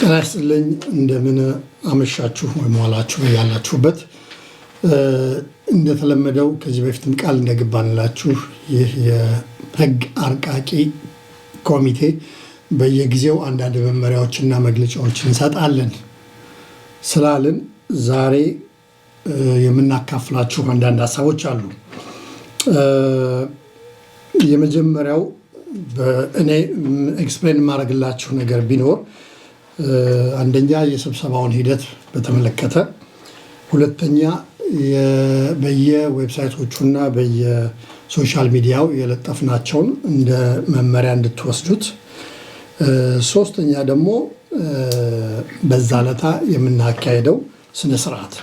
ጤና ይስጥልኝ እንደምን አመሻችሁ ወይም ዋላችሁ ያላችሁበት። እንደተለመደው ከዚህ በፊትም ቃል እንደገባንላችሁ ይህ የህግ አርቃቂ ኮሚቴ በየጊዜው አንዳንድ መመሪያዎችና መግለጫዎች እንሰጣለን ስላልን ዛሬ የምናካፍላችሁ አንዳንድ ሀሳቦች አሉ። የመጀመሪያው እኔ ኤክስፕሌን የማደርግላችሁ ነገር ቢኖር አንደኛ የስብሰባውን ሂደት በተመለከተ፣ ሁለተኛ በየዌብሳይቶቹ እና በየሶሻል ሚዲያው የለጠፍናቸውን እንደ መመሪያ እንድትወስዱት፣ ሶስተኛ ደግሞ በዛ ለታ የምናካሄደው ስነስርዓት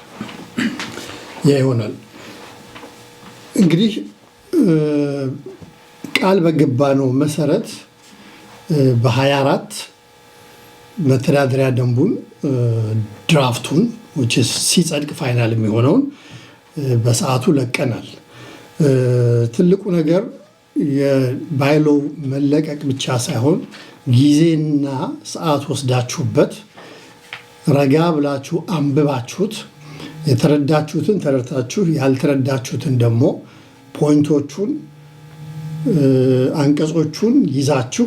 ያ ይሆናል። እንግዲህ ቃል በገባ ነው መሰረት በ24 መተዳደሪያ ደንቡን ድራፍቱን ሲጸድቅ ፋይናል የሚሆነውን በሰዓቱ ለቀናል። ትልቁ ነገር የባይሎ መለቀቅ ብቻ ሳይሆን ጊዜና ሰዓት ወስዳችሁበት ረጋ ብላችሁ አንብባችሁት የተረዳችሁትን ተረድታችሁ ያልተረዳችሁትን ደግሞ ፖይንቶቹን አንቀጾቹን ይዛችሁ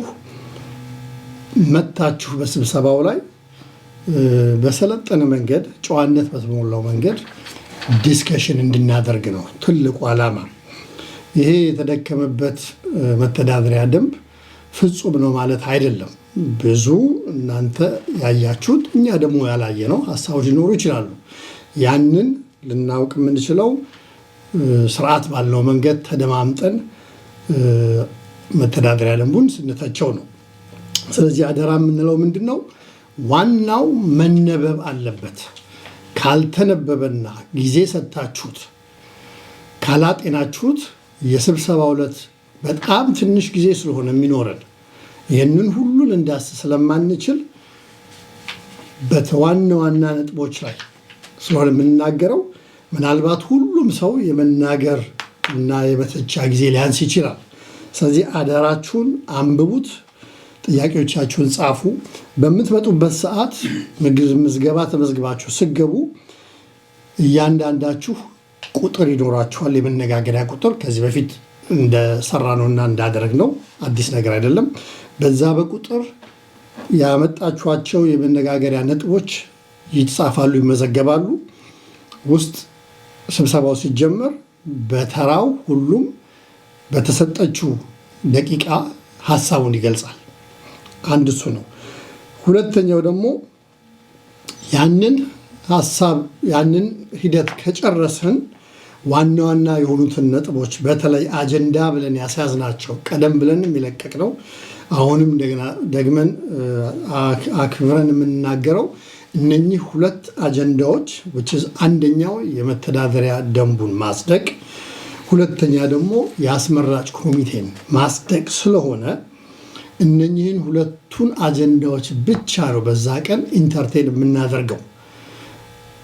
መታችሁ በስብሰባው ላይ በሰለጠነ መንገድ ጨዋነት በተሞላው መንገድ ዲስከሽን እንድናደርግ ነው ትልቁ ዓላማ። ይሄ የተደከመበት መተዳደሪያ ደንብ ፍጹም ነው ማለት አይደለም። ብዙ እናንተ ያያችሁት እኛ ደግሞ ያላየ ነው ሀሳቦች ሊኖሩ ይችላሉ። ያንን ልናውቅ የምንችለው ስርዓት ባለው መንገድ ተደማምጠን መተዳደሪያ ደንቡን ስንተቸው ነው። ስለዚህ አደራ የምንለው ምንድን ነው? ዋናው መነበብ አለበት። ካልተነበበና ጊዜ ሰጥታችሁት ካላጤናችሁት የስብሰባው ዕለት በጣም ትንሽ ጊዜ ስለሆነ የሚኖረን ይህንን ሁሉ ልንዳስ ስለማንችል በተዋና ዋና ነጥቦች ላይ ስለሆነ የምንናገረው ምናልባት ሁሉም ሰው የመናገር እና የመተቻ ጊዜ ሊያንስ ይችላል። ስለዚህ አደራችሁን አንብቡት። ጥያቄዎቻችሁን ጻፉ። በምትመጡበት ሰዓት ምዝገባ ተመዝግባችሁ ስገቡ እያንዳንዳችሁ ቁጥር ይኖራችኋል፣ የመነጋገሪያ ቁጥር ከዚህ በፊት እንደሰራ እና እንዳደረግ ነው፣ አዲስ ነገር አይደለም። በዛ በቁጥር ያመጣችኋቸው የመነጋገሪያ ነጥቦች ይጻፋሉ፣ ይመዘገባሉ። ውስጥ ስብሰባው ሲጀመር በተራው ሁሉም በተሰጠችው ደቂቃ ሀሳቡን ይገልጻል። አንድ እሱ ነው። ሁለተኛው ደግሞ ያንን ሀሳብ ያንን ሂደት ከጨረስን ዋና ዋና የሆኑትን ነጥቦች በተለይ አጀንዳ ብለን ያስያዝናቸው ቀደም ብለን የሚለቀቅ ነው። አሁንም ደግመን አክብረን የምንናገረው እነኚህ ሁለት አጀንዳዎች አንደኛው የመተዳደሪያ ደንቡን ማጽደቅ፣ ሁለተኛ ደግሞ የአስመራጭ ኮሚቴን ማጽደቅ ስለሆነ እነኚህን ሁለቱን አጀንዳዎች ብቻ ነው በዛ ቀን ኢንተርቴን የምናደርገው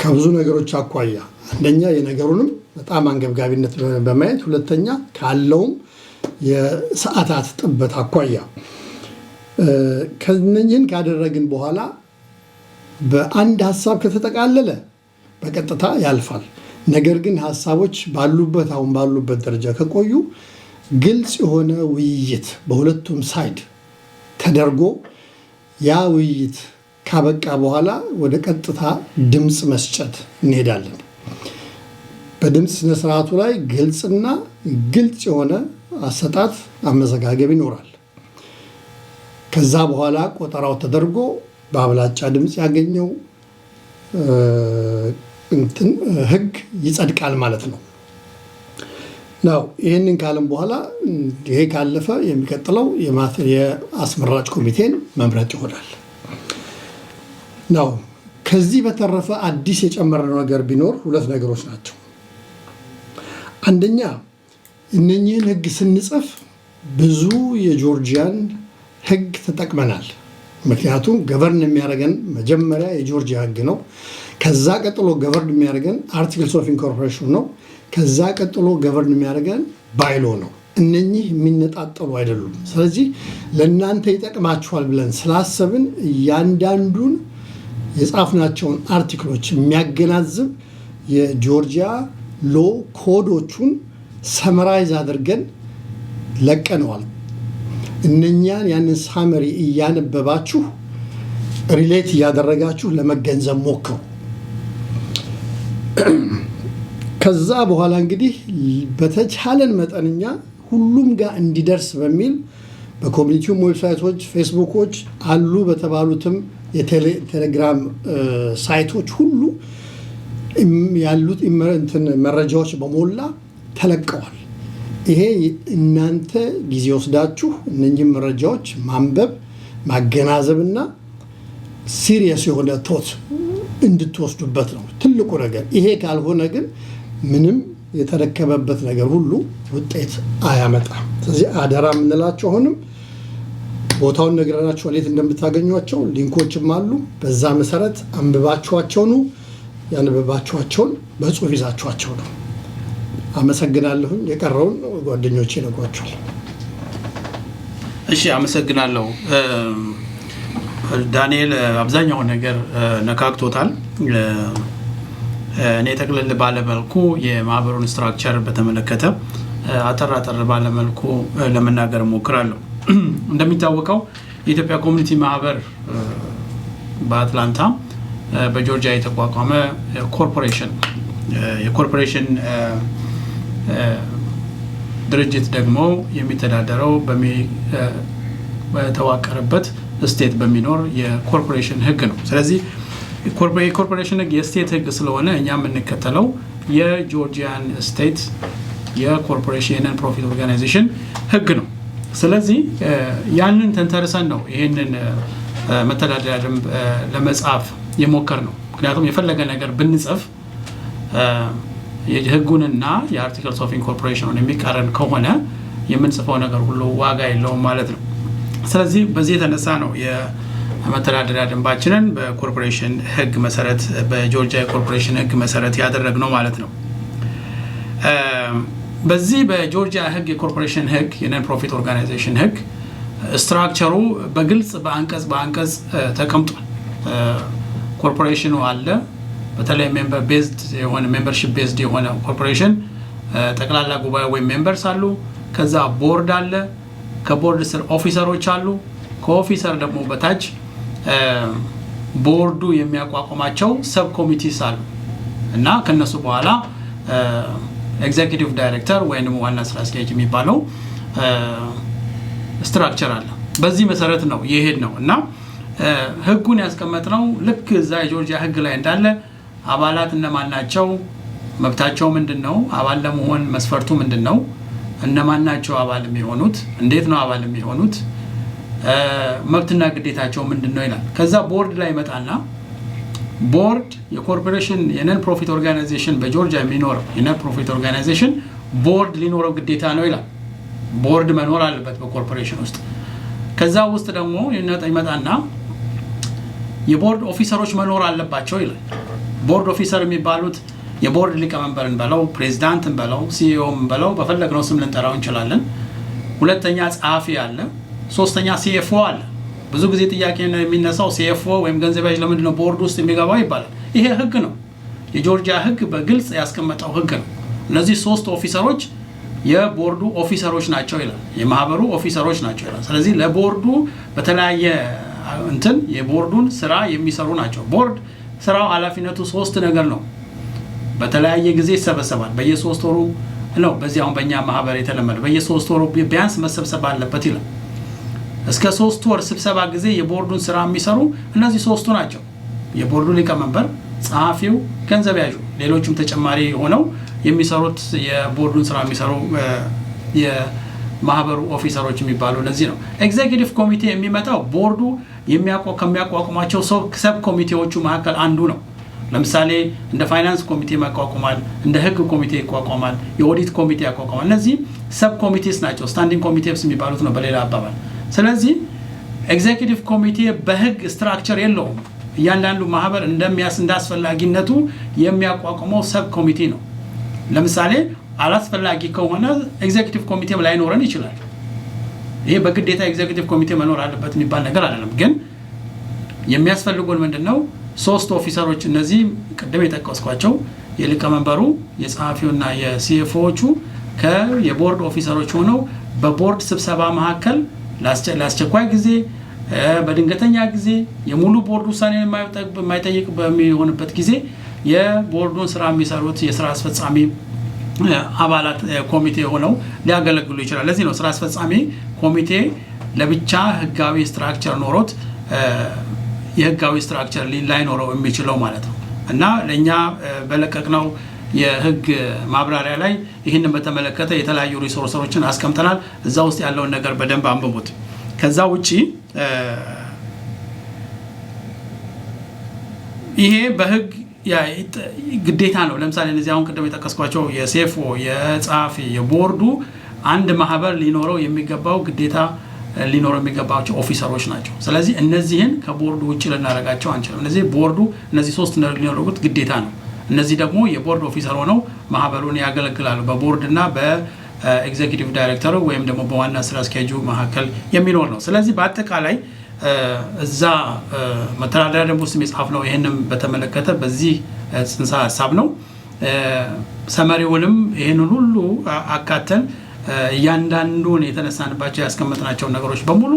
ከብዙ ነገሮች አኳያ አንደኛ የነገሩንም በጣም አንገብጋቢነት በማየት ሁለተኛ ካለውም የሰዓታት ጥበት አኳያ ከነኝህን ካደረግን በኋላ በአንድ ሀሳብ ከተጠቃለለ በቀጥታ ያልፋል። ነገር ግን ሀሳቦች ባሉበት አሁን ባሉበት ደረጃ ከቆዩ ግልጽ የሆነ ውይይት በሁለቱም ሳይድ ተደርጎ ያ ውይይት ካበቃ በኋላ ወደ ቀጥታ ድምፅ መስጨት እንሄዳለን። በድምፅ ስነስርዓቱ ላይ ግልጽና ግልጽ የሆነ አሰጣት አመዘጋገብ ይኖራል። ከዛ በኋላ ቆጠራው ተደርጎ በአብላጫ ድምፅ ያገኘው ህግ ይጸድቃል ማለት ነው። ነው። ይህንን ካለም በኋላ ይሄ ካለፈ የሚቀጥለው የአስመራጭ ኮሚቴን መምረጥ ይሆናል ነው። ከዚህ በተረፈ አዲስ የጨመረው ነገር ቢኖር ሁለት ነገሮች ናቸው። አንደኛ እነኚህን ህግ ስንጽፍ ብዙ የጆርጂያን ህግ ተጠቅመናል። ምክንያቱም ገቨርን የሚያደርገን መጀመሪያ የጆርጂያ ህግ ነው። ከዛ ቀጥሎ ገቨርን የሚያደርገን አርቲክልስ ኦፍ ኢንኮርፖሬሽን ነው። ከዛ ቀጥሎ ገቨርን የሚያደርገን ባይሎ ነው። እነኚህ የሚነጣጠሉ አይደሉም። ስለዚህ ለእናንተ ይጠቅማችኋል ብለን ስላሰብን እያንዳንዱን የጻፍናቸውን አርቲክሎች የሚያገናዝብ የጆርጂያ ሎ ኮዶቹን ሰመራይዝ አድርገን ለቀነዋል። እነኛን ያንን ሳመሪ እያነበባችሁ ሪሌት እያደረጋችሁ ለመገንዘብ ሞክሩ። ከዛ በኋላ እንግዲህ በተቻለን መጠንኛ ሁሉም ጋር እንዲደርስ በሚል በኮሚኒቲውም ዌብሳይቶች፣ ፌስቡኮች አሉ በተባሉትም የቴሌግራም ሳይቶች ሁሉ ያሉት መረጃዎች በሞላ ተለቀዋል። ይሄ እናንተ ጊዜ ወስዳችሁ እነኚህ መረጃዎች ማንበብ ማገናዘብና ሲሪየስ የሆነ ቶት እንድትወስዱበት ነው ትልቁ ነገር። ይሄ ካልሆነ ግን ምንም የተረከበበት ነገር ሁሉ ውጤት አያመጣም። ስለዚህ አደራ የምንላቸው አሁንም ቦታውን ነግረናቸው እንዴት እንደምታገኟቸው ሊንኮችም አሉ። በዛ መሰረት አንብባችኋቸው ነው ያንብባችኋቸውን በጽሁፍ ይዛችኋቸው ነው። አመሰግናለሁኝ። የቀረውን ጓደኞች ይነግሯቸዋል። እሺ፣ አመሰግናለሁ ዳንኤል። አብዛኛውን ነገር ነካክቶታል። እኔ ጠቅልል ባለመልኩ የማህበሩን ስትራክቸር በተመለከተ አጠር አጠር ባለመልኩ ለመናገር እሞክራለሁ። እንደሚታወቀው የኢትዮጵያ ኮሚኒቲ ማህበር በአትላንታ በጆርጂያ የተቋቋመ ኮርፖሬሽን የኮርፖሬሽን ድርጅት ደግሞ የሚተዳደረው በተዋቀረበት ስቴት በሚኖር የኮርፖሬሽን ህግ ነው። ስለዚህ የኮርፖሬሽን ህግ የስቴት ህግ ስለሆነ እኛ የምንከተለው የጆርጂያን ስቴት የኮርፖሬሽንን ፕሮፊት ኦርጋናይዜሽን ህግ ነው። ስለዚህ ያንን ተንተርሰን ነው ይህንን መተዳደሪያ ደንብ ለመጻፍ የሞከር ነው። ምክንያቱም የፈለገ ነገር ብንጽፍ ህጉንና የአርቲክልስ ኦፍ ኢንኮርፖሬሽንን የሚቃረን ከሆነ የምንጽፈው ነገር ሁሉ ዋጋ የለውም ማለት ነው። ስለዚህ በዚህ የተነሳ ነው መተዳደሪያ ደንባችንን በኮርፖሬሽን ህግ መሰረት በጆርጂያ የኮርፖሬሽን ህግ መሰረት ነው ማለት ነው። በዚህ በጆርጂያ ህግ የኮርፖሬሽን ህግ የነን ፕሮፊት ኦርጋናይዜሽን ህግ ስትራክቸሩ በግልጽ በአንቀጽ በአንቀጽ ተቀምጧል። ኮርፖሬሽኑ አለ። በተለይ ሜምበር ቤዝድ የሆነ ሜምበርሺፕ ቤዝድ የሆነ ኮርፖሬሽን ጠቅላላ ጉባኤ ወይም ሜምበርስ አሉ። ከዛ ቦርድ አለ። ከቦርድ ስር ኦፊሰሮች አሉ። ከኦፊሰር ደግሞ በታች ቦርዱ የሚያቋቁማቸው ሰብ ኮሚቲስ አሉ እና ከነሱ በኋላ ኤግዜኪቲቭ ዳይሬክተር ወይም ዋና ስራ አስኪያጅ የሚባለው ስትራክቸር አለ። በዚህ መሰረት ነው የሄድ ነው እና ህጉን ነው ልክ እዛ የጆርጂያ ህግ ላይ እንዳለ አባላት እነማን ናቸው፣ መብታቸው ምንድን ነው፣ አባል ለመሆን መስፈርቱ ምንድን ነው፣ እነማን ናቸው አባል የሚሆኑት፣ እንዴት ነው አባል የሚሆኑት መብትና ግዴታቸው ምንድን ነው ይላል። ከዛ ቦርድ ላይ ይመጣና ቦርድ የኮርፖሬሽን የነን ፕሮፊት ኦርጋናይዜሽን በጆርጂያ የሚኖር የነን ፕሮፊት ኦርጋናይዜሽን ቦርድ ሊኖረው ግዴታ ነው ይላል። ቦርድ መኖር አለበት በኮርፖሬሽን ውስጥ። ከዛ ውስጥ ደግሞ ይመጣና የቦርድ ኦፊሰሮች መኖር አለባቸው ይላል። ቦርድ ኦፊሰር የሚባሉት የቦርድ ሊቀመንበርን በለው ፕሬዚዳንትን በለው ሲኢኦም በለው በፈለግነው ስም ልንጠራው እንችላለን። ሁለተኛ ጸሐፊ አለ። ሶስተኛ ሲኤፍኦ አለ። ብዙ ጊዜ ጥያቄ ነው የሚነሳው። ሲኤፍኦ ወይም ገንዘብ ያዥ ለምንድን ነው ቦርድ ውስጥ የሚገባው ይባላል። ይሄ ህግ ነው፣ የጆርጂያ ህግ በግልጽ ያስቀመጠው ህግ ነው። እነዚህ ሶስት ኦፊሰሮች የቦርዱ ኦፊሰሮች ናቸው ይላል፣ የማህበሩ ኦፊሰሮች ናቸው ይላል። ስለዚህ ለቦርዱ በተለያየ እንትን የቦርዱን ስራ የሚሰሩ ናቸው። ቦርድ ስራው ኃላፊነቱ ሶስት ነገር ነው። በተለያየ ጊዜ ይሰበሰባል። በየሶስት ወሩ ነው። በዚህ አሁን በእኛ ማህበር የተለመደ በየሶስት ወሩ ቢያንስ መሰብሰብ አለበት ይላል። እስከ ሶስት ወር ስብሰባ ጊዜ የቦርዱን ስራ የሚሰሩ እነዚህ ሶስቱ ናቸው። የቦርዱ ሊቀመንበር፣ ጸሐፊው፣ ገንዘብ ያዡ፣ ሌሎችም ተጨማሪ ሆነው የሚሰሩት የቦርዱን ስራ የሚሰሩ የማህበሩ ኦፊሰሮች የሚባሉ እነዚህ ነው። ኤግዜኪቲቭ ኮሚቴ የሚመጣው ቦርዱ ከሚያቋቁማቸው ሰብ ኮሚቴዎቹ መካከል አንዱ ነው። ለምሳሌ እንደ ፋይናንስ ኮሚቴ ያቋቁማል፣ እንደ ህግ ኮሚቴ ይቋቋማል፣ የኦዲት ኮሚቴ ያቋቋማል። እነዚህ ሰብ ኮሚቴስ ናቸው። ስታንዲንግ ኮሚቴስ የሚባሉት ነው በሌላ አባባል ስለዚህ ኤግዜኪቲቭ ኮሚቴ በህግ ስትራክቸር የለውም። እያንዳንዱ ማህበር እንደሚያስ እንዳስፈላጊነቱ የሚያቋቁመው ሰብ ኮሚቴ ነው። ለምሳሌ አላስፈላጊ ከሆነ ኤግዜኪቲቭ ኮሚቴ ላይኖረን ይችላል። ይሄ በግዴታ ኤግዜኪቲቭ ኮሚቴ መኖር አለበት የሚባል ነገር አይደለም። ግን የሚያስፈልጉን ምንድን ነው? ሶስት ኦፊሰሮች፣ እነዚህ ቅድም የጠቀስኳቸው የሊቀመንበሩ የጸሐፊውና የሲኤፎዎቹ ከየቦርድ ኦፊሰሮች ሆነው በቦርድ ስብሰባ መካከል ለአስቸኳይ ጊዜ፣ በድንገተኛ ጊዜ የሙሉ ቦርድ ውሳኔ የማይጠይቅ በሚሆንበት ጊዜ የቦርዱን ስራ የሚሰሩት የስራ አስፈጻሚ አባላት ኮሚቴ ሆነው ሊያገለግሉ ይችላል። ለዚህ ነው ስራ አስፈጻሚ ኮሚቴ ለብቻ ህጋዊ ስትራክቸር ኖሮት የህጋዊ ስትራክቸር ላይኖረው የሚችለው ማለት ነው እና ለእኛ ነው። የህግ ማብራሪያ ላይ ይህንን በተመለከተ የተለያዩ ሪሶርሰሮችን አስቀምጠናል። እዛ ውስጥ ያለውን ነገር በደንብ አንብቡት። ከዛ ውጪ ይሄ በህግ ግዴታ ነው። ለምሳሌ እነዚህ አሁን ቅድም የጠቀስኳቸው የሴፎ የጸሐፊ የቦርዱ አንድ ማህበር ሊኖረው የሚገባው ግዴታ ሊኖረው የሚገባቸው ኦፊሰሮች ናቸው። ስለዚህ እነዚህን ከቦርዱ ውጭ ልናደርጋቸው አንችልም። እነዚህ ቦርዱ እነዚህ ሶስት ሊኖረጉት ግዴታ ነው። እነዚህ ደግሞ የቦርድ ኦፊሰር ሆነው ማህበሩን ያገለግላሉ። በቦርድና በኤግዜኪቲቭ ዳይሬክተሩ ወይም ደግሞ በዋና ስራ አስኪያጁ መካከል የሚኖር ነው። ስለዚህ በአጠቃላይ እዛ መተዳደሪያ ደንብ ውስጥ የጻፍ ነው። ይህንም በተመለከተ በዚህ ጽንሰ ሀሳብ ነው። ሰመሪውንም ይህንን ሁሉ አካተን እያንዳንዱን የተነሳንባቸው ያስቀመጥናቸውን ነገሮች በሙሉ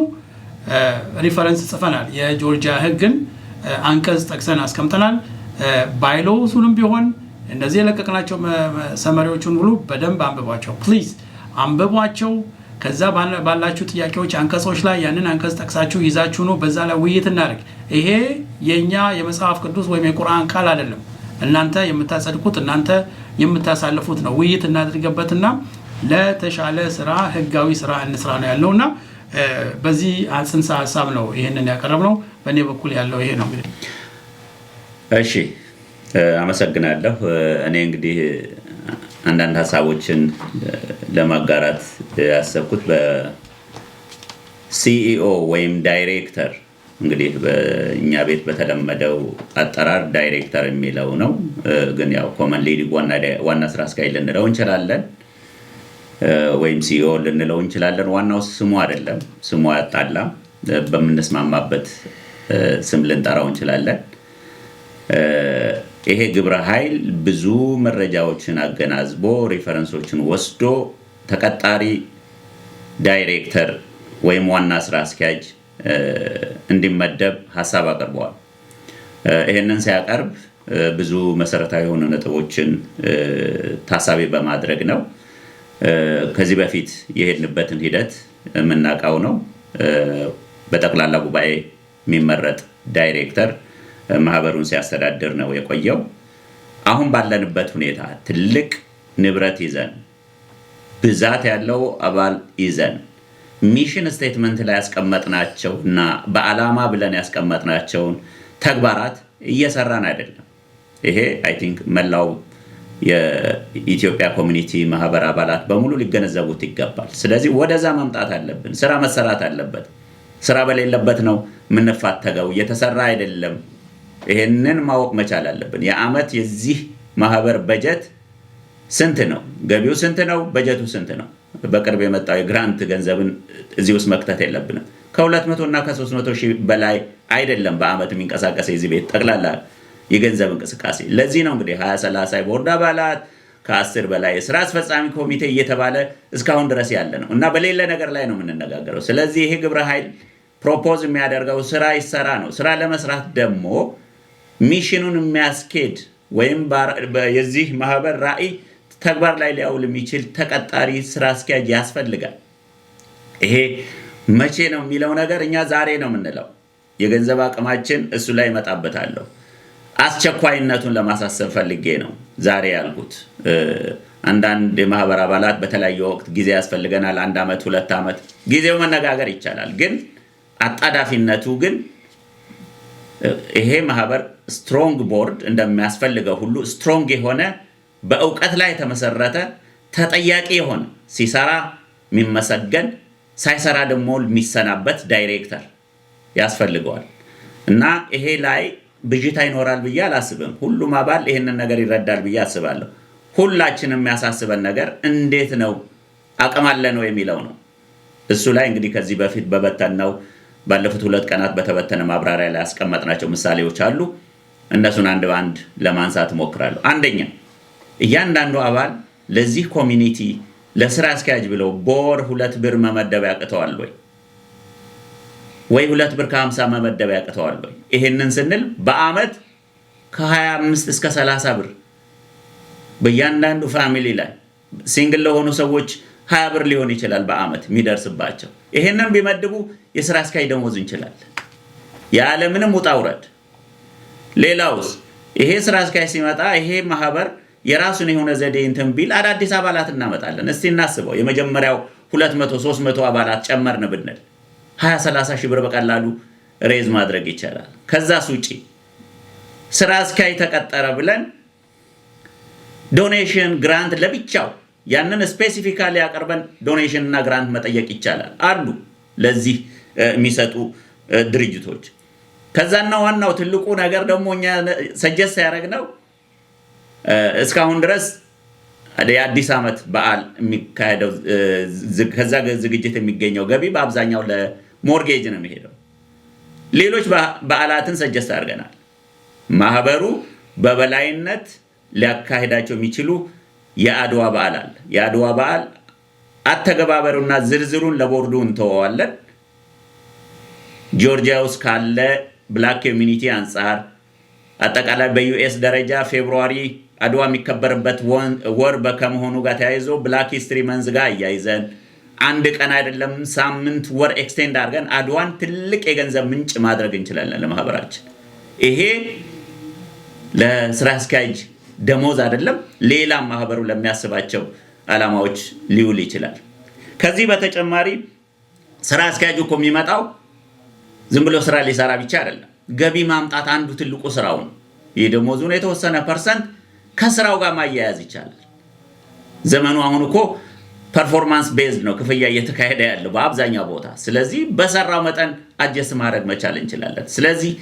ሪፈረንስ ጽፈናል። የጆርጂያ ህግን አንቀጽ ጠቅሰን አስቀምጠናል። ባይሎውሱንም ቢሆን እንደዚህ የለቀቅናቸው ሰመሪዎቹን ሁሉ በደንብ አንብቧቸው፣ ፕሊዝ አንብቧቸው። ከዛ ባላችሁ ጥያቄዎች አንቀጾች ላይ ያንን አንቀጽ ጠቅሳችሁ ይዛችሁ ነው በዛ ላይ ውይይት እናደርግ። ይሄ የእኛ የመጽሐፍ ቅዱስ ወይም የቁርአን ቃል አይደለም። እናንተ የምታጸድቁት እናንተ የምታሳልፉት ነው። ውይይት እናድርገበትና ለተሻለ ስራ ህጋዊ ስራ እንስራ ነው ያለው እና በዚህ ጽንሰ ሀሳብ ነው ይህንን ነው በእኔ በኩል ያለው ይሄ ነው። እሺ አመሰግናለሁ። እኔ እንግዲህ አንዳንድ ሀሳቦችን ለማጋራት ያሰብኩት በሲኢኦ e ወይም ዳይሬክተር እንግዲህ በእኛ ቤት በተለመደው አጠራር ዳይሬክተር የሚለው ነው። ግን ያው ኮመን ሊድ ዋና ስራ አስኪያጅ ልንለው እንችላለን፣ ወይም ሲኢኦ e ልንለው እንችላለን። ዋናው ስሙ አይደለም፣ ስሙ አያጣላም። በምንስማማበት ስም ልንጠራው እንችላለን። ይሄ ግብረ ኃይል ብዙ መረጃዎችን አገናዝቦ ሬፈረንሶችን ወስዶ ተቀጣሪ ዳይሬክተር ወይም ዋና ስራ አስኪያጅ እንዲመደብ ሀሳብ አቅርበዋል። ይህንን ሲያቀርብ ብዙ መሰረታዊ የሆኑ ነጥቦችን ታሳቢ በማድረግ ነው። ከዚህ በፊት የሄድንበትን ሂደት የምናውቀው ነው። በጠቅላላ ጉባኤ የሚመረጥ ዳይሬክተር ማህበሩን ሲያስተዳድር ነው የቆየው። አሁን ባለንበት ሁኔታ ትልቅ ንብረት ይዘን ብዛት ያለው አባል ይዘን ሚሽን ስቴትመንት ላይ ያስቀመጥናቸው እና በዓላማ ብለን ያስቀመጥናቸውን ተግባራት እየሰራን አይደለም። ይሄ አይ ቲንክ መላው የኢትዮጵያ ኮሚኒቲ ማህበር አባላት በሙሉ ሊገነዘቡት ይገባል። ስለዚህ ወደዛ መምጣት አለብን። ስራ መሰራት አለበት። ስራ በሌለበት ነው የምንፋተገው። እየተሰራ አይደለም። ይሄንን ማወቅ መቻል አለብን። የዓመት የዚህ ማህበር በጀት ስንት ነው? ገቢው ስንት ነው? በጀቱ ስንት ነው? በቅርብ የመጣው የግራንት ገንዘብን እዚህ ውስጥ መክተት የለብንም። ከ200 እና ከ300 ሺህ በላይ አይደለም በዓመት የሚንቀሳቀስ የዚህ ቤት ጠቅላላ የገንዘብ እንቅስቃሴ። ለዚህ ነው እንግዲህ 230 30 ቦርድ አባላት ከአስር በላይ የስራ አስፈጻሚ ኮሚቴ እየተባለ እስካሁን ድረስ ያለ ነው እና በሌለ ነገር ላይ ነው የምንነጋገረው። ስለዚህ ይሄ ግብረ ኃይል ፕሮፖዝ የሚያደርገው ስራ ይሰራ ነው። ስራ ለመስራት ደግሞ ሚሽኑን የሚያስኬድ ወይም የዚህ ማህበር ራዕይ ተግባር ላይ ሊያውል የሚችል ተቀጣሪ ስራ አስኪያጅ ያስፈልጋል። ይሄ መቼ ነው የሚለው ነገር እኛ ዛሬ ነው የምንለው። የገንዘብ አቅማችን እሱ ላይ መጣበታለሁ አስቸኳይነቱን ለማሳሰብ ፈልጌ ነው ዛሬ ያልኩት። አንዳንድ የማህበር አባላት በተለያየ ወቅት ጊዜ ያስፈልገናል፣ አንድ ዓመት ሁለት ዓመት ጊዜው መነጋገር ይቻላል። ግን አጣዳፊነቱ ግን ይሄ ማህበር ስትሮንግ ቦርድ እንደሚያስፈልገው ሁሉ ስትሮንግ የሆነ በእውቀት ላይ የተመሰረተ ተጠያቂ የሆነ ሲሰራ የሚመሰገን ሳይሰራ ደግሞ የሚሰናበት ዳይሬክተር ያስፈልገዋል እና ይሄ ላይ ብዥታ ይኖራል ብዬ አላስብም። ሁሉም አባል ይህንን ነገር ይረዳል ብዬ አስባለሁ። ሁላችንም የሚያሳስበን ነገር እንዴት ነው አቅም አለ ነው የሚለው ነው። እሱ ላይ እንግዲህ ከዚህ በፊት በበተን ነው ባለፉት ሁለት ቀናት በተበተነ ማብራሪያ ላይ ያስቀመጥናቸው ምሳሌዎች አሉ። እነሱን አንድ በአንድ ለማንሳት እሞክራለሁ። አንደኛ እያንዳንዱ አባል ለዚህ ኮሚኒቲ ለስራ አስኪያጅ ብለው በወር ሁለት ብር መመደብ ያቅተዋል ወይ ወይ ሁለት ብር ከ50 መመደብ ያቅተዋል ወይ? ይህንን ስንል በአመት ከ25 እስከ 30 ብር በእያንዳንዱ ፋሚሊ ላይ ሲንግል ለሆኑ ሰዎች 20 ብር ሊሆን ይችላል በአመት የሚደርስባቸው። ይህንን ቢመድቡ የስራ አስኪያጅ ደሞዝ እንችላለን ያለምንም ውጣ ውረድ ሌላውስ ይሄ ስራ አስኪያጅ ሲመጣ ይሄ ማህበር የራሱን የሆነ ዘዴ እንትን ቢል አዳዲስ አባላት እናመጣለን። እስቲ እናስበው የመጀመሪያው 200 300 አባላት ጨመርን ብንል 20 30 ሺህ ብር በቀላሉ ሬዝ ማድረግ ይቻላል። ከዛስ ውጪ ስራ አስኪያጅ ተቀጠረ ብለን ዶኔሽን ግራንት ለብቻው ያንን ስፔሲፊካሊ አቅርበን ዶኔሽን እና ግራንት መጠየቅ ይቻላል። አሉ ለዚህ የሚሰጡ ድርጅቶች ከዛና ዋናው ትልቁ ነገር ደግሞ እኛ ሰጀስ ያደረግ ነው እስካሁን ድረስ የአዲስ ዓመት በዓል የሚካሄደው ከዛ ዝግጅት የሚገኘው ገቢ በአብዛኛው ለሞርጌጅ ነው የሚሄደው። ሌሎች በዓላትን ሰጀስት አድርገናል። ማህበሩ በበላይነት ሊያካሄዳቸው የሚችሉ የአድዋ በዓል አለ። የአድዋ በዓል አተገባበሩና ዝርዝሩን ለቦርዱ እንተወዋለን። ጆርጂያ ውስጥ ካለ ብላክ ኮሚኒቲ አንጻር አጠቃላይ በዩኤስ ደረጃ ፌብሩዋሪ አድዋ የሚከበርበት ወር ከመሆኑ ጋር ተያይዞ ብላክ ሂስትሪ መንዝ ጋር አያይዘን አንድ ቀን አይደለም ሳምንት፣ ወር ኤክስቴንድ አድርገን አድዋን ትልቅ የገንዘብ ምንጭ ማድረግ እንችላለን ለማህበራችን። ይሄ ለስራ አስኪያጅ ደሞዝ አይደለም፣ ሌላም ማህበሩ ለሚያስባቸው ዓላማዎች ሊውል ይችላል። ከዚህ በተጨማሪ ስራ አስኪያጁ እኮ የሚመጣው ዝም ብሎ ስራ ሊሰራ ብቻ አይደለም። ገቢ ማምጣት አንዱ ትልቁ ስራው ነው። ይህ ደሞዙን የተወሰነ ፐርሰንት ከስራው ጋር ማያያዝ ይቻላል። ዘመኑ አሁን እኮ ፐርፎርማንስ ቤዝድ ነው ክፍያ እየተካሄደ ያለው በአብዛኛው ቦታ። ስለዚህ በሰራው መጠን አጀስ ማድረግ መቻል እንችላለን። ስለዚህ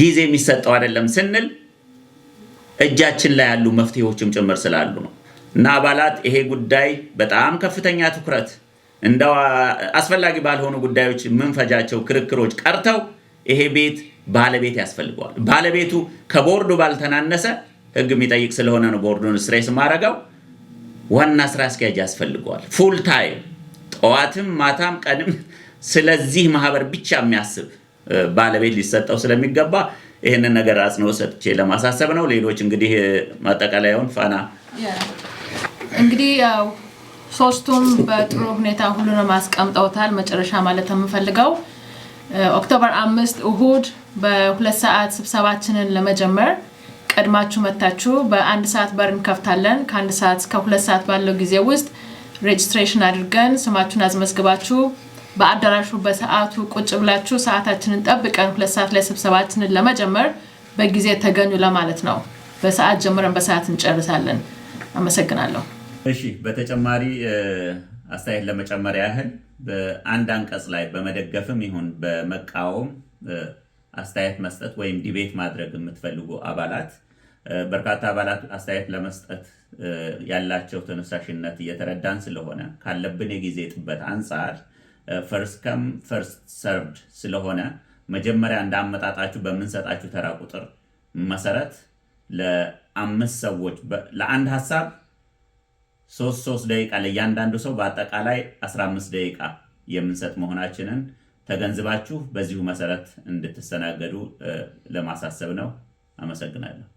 ጊዜ የሚሰጠው አይደለም ስንል እጃችን ላይ ያሉ መፍትሄዎችም ጭምር ስላሉ ነው እና አባላት ይሄ ጉዳይ በጣም ከፍተኛ ትኩረት እንደ አስፈላጊ ባልሆኑ ጉዳዮች የምንፈጃቸው ክርክሮች ቀርተው ይሄ ቤት ባለቤት ያስፈልገዋል። ባለቤቱ ከቦርዱ ባልተናነሰ ህግ የሚጠይቅ ስለሆነ ነው ቦርዱን ስትሬስ ማድረገው። ዋና ስራ አስኪያጅ ያስፈልገዋል። ፉል ታይም ጠዋትም ማታም ቀንም ስለዚህ ማህበር ብቻ የሚያስብ ባለቤት ሊሰጠው ስለሚገባ ይህንን ነገር አጽንኦት ሰጥቼ ለማሳሰብ ነው። ሌሎች እንግዲህ ማጠቃለያውን ፋና እንግዲህ ያው ሶስቱም በጥሩ ሁኔታ ሁሉንም አስቀምጠውታል። መጨረሻ ማለት የምፈልገው ኦክቶበር አምስት እሁድ በሁለት ሰዓት ስብሰባችንን ለመጀመር ቀድማችሁ መታችሁ በአንድ ሰዓት በር እንከፍታለን። ከአንድ ሰዓት እስከ ሁለት ሰዓት ባለው ጊዜ ውስጥ ሬጅስትሬሽን አድርገን ስማችሁን አስመዝግባችሁ በአዳራሹ በሰዓቱ ቁጭ ብላችሁ ሰዓታችንን ጠብቀን ሁለት ሰዓት ላይ ስብሰባችንን ለመጀመር በጊዜ ተገኙ ለማለት ነው። በሰዓት ጀምረን በሰዓት እንጨርሳለን። አመሰግናለሁ። እሺ በተጨማሪ አስተያየት ለመጨመር ያህል በአንድ አንቀጽ ላይ በመደገፍም ይሁን በመቃወም አስተያየት መስጠት ወይም ዲቤት ማድረግ የምትፈልጉ አባላት በርካታ አባላት አስተያየት ለመስጠት ያላቸው ተነሳሽነት እየተረዳን ስለሆነ ካለብን የጊዜ ጥበት አንጻር ፈርስት ከም ፈርስት ሰርቭድ ስለሆነ መጀመሪያ እንዳመጣጣችሁ በምንሰጣችሁ ተራ ቁጥር መሰረት ለአምስት ሰዎች ለአንድ ሀሳብ ሶስት ሶስት ደቂቃ ለእያንዳንዱ ሰው በአጠቃላይ 15 ደቂቃ የምንሰጥ መሆናችንን ተገንዝባችሁ በዚሁ መሰረት እንድትስተናገዱ ለማሳሰብ ነው። አመሰግናለሁ።